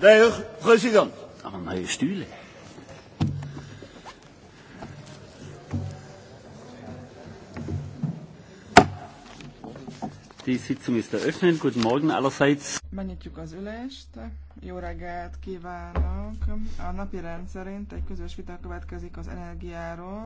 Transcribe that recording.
De heer president. Aan hij stuur. Die Sitzung ist eröffnet. Guten Morgen allerseits. Megnyitjuk az ülést. Jó reggelt kívánok. A napi rendszerint egy közös vita következik az energiáról.